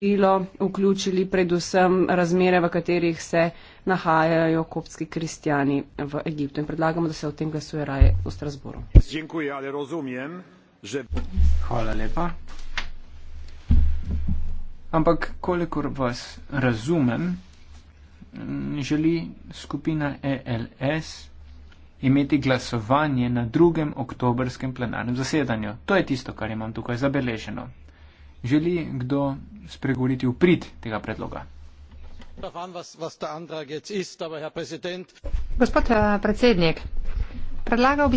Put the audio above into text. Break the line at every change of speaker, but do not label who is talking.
poročilo vključili predvsem razmere, v katerih se nahajajo koptski kristijani v Egiptu. In predlagamo, da se o tem glasuje raje v Strasboru.
Hvala lepa. Ampak kolikor vas razumem, želi skupina ELS imeti glasovanje na drugem oktobrskem plenarnem zasedanju. To je tisto, kar imam tukaj zabeleženo. Želi kdo spregovoriti v prid tega predloga.
Gospod eh, predsednik,
predlagal bi sprejem drugega predloga.